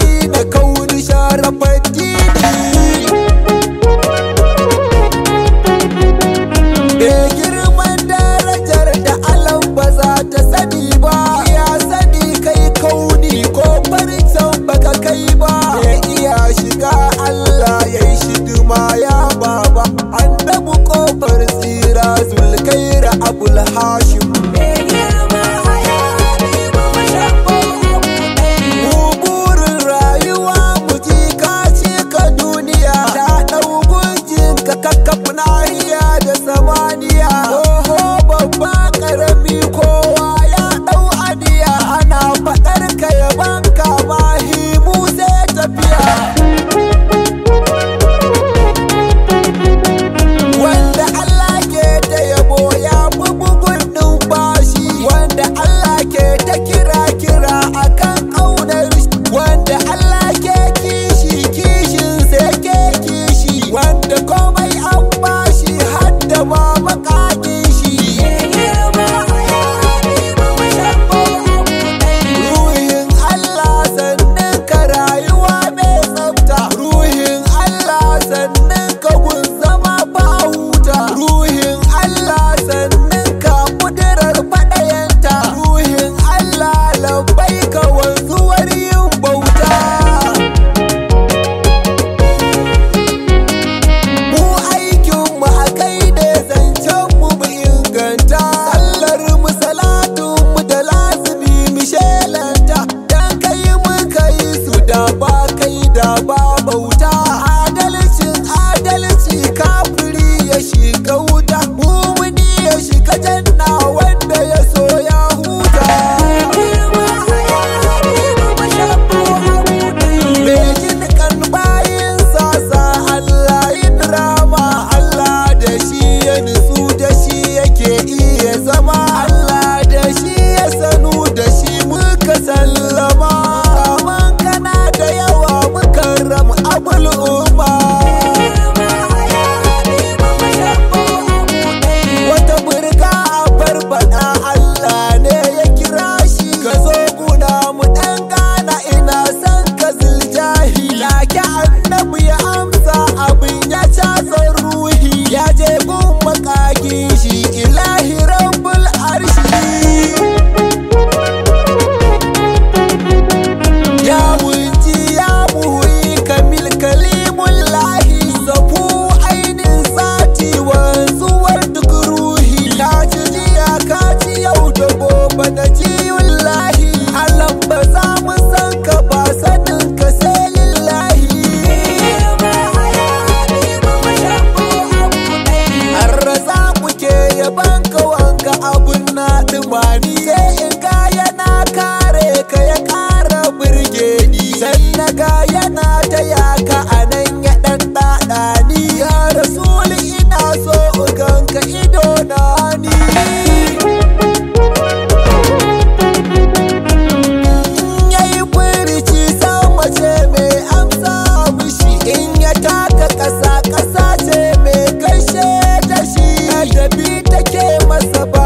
hali da kauri share fage tunani in yana kare ka ya kara birge ni sai yana taya ka a nan ya dan dada ya rasuli ina so ugan ka ido na ni yayi furici sama ce mai amsa mishi in ya taka ƙasa. ƙasa ce mai gaishe da shi da take masa ba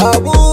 I won't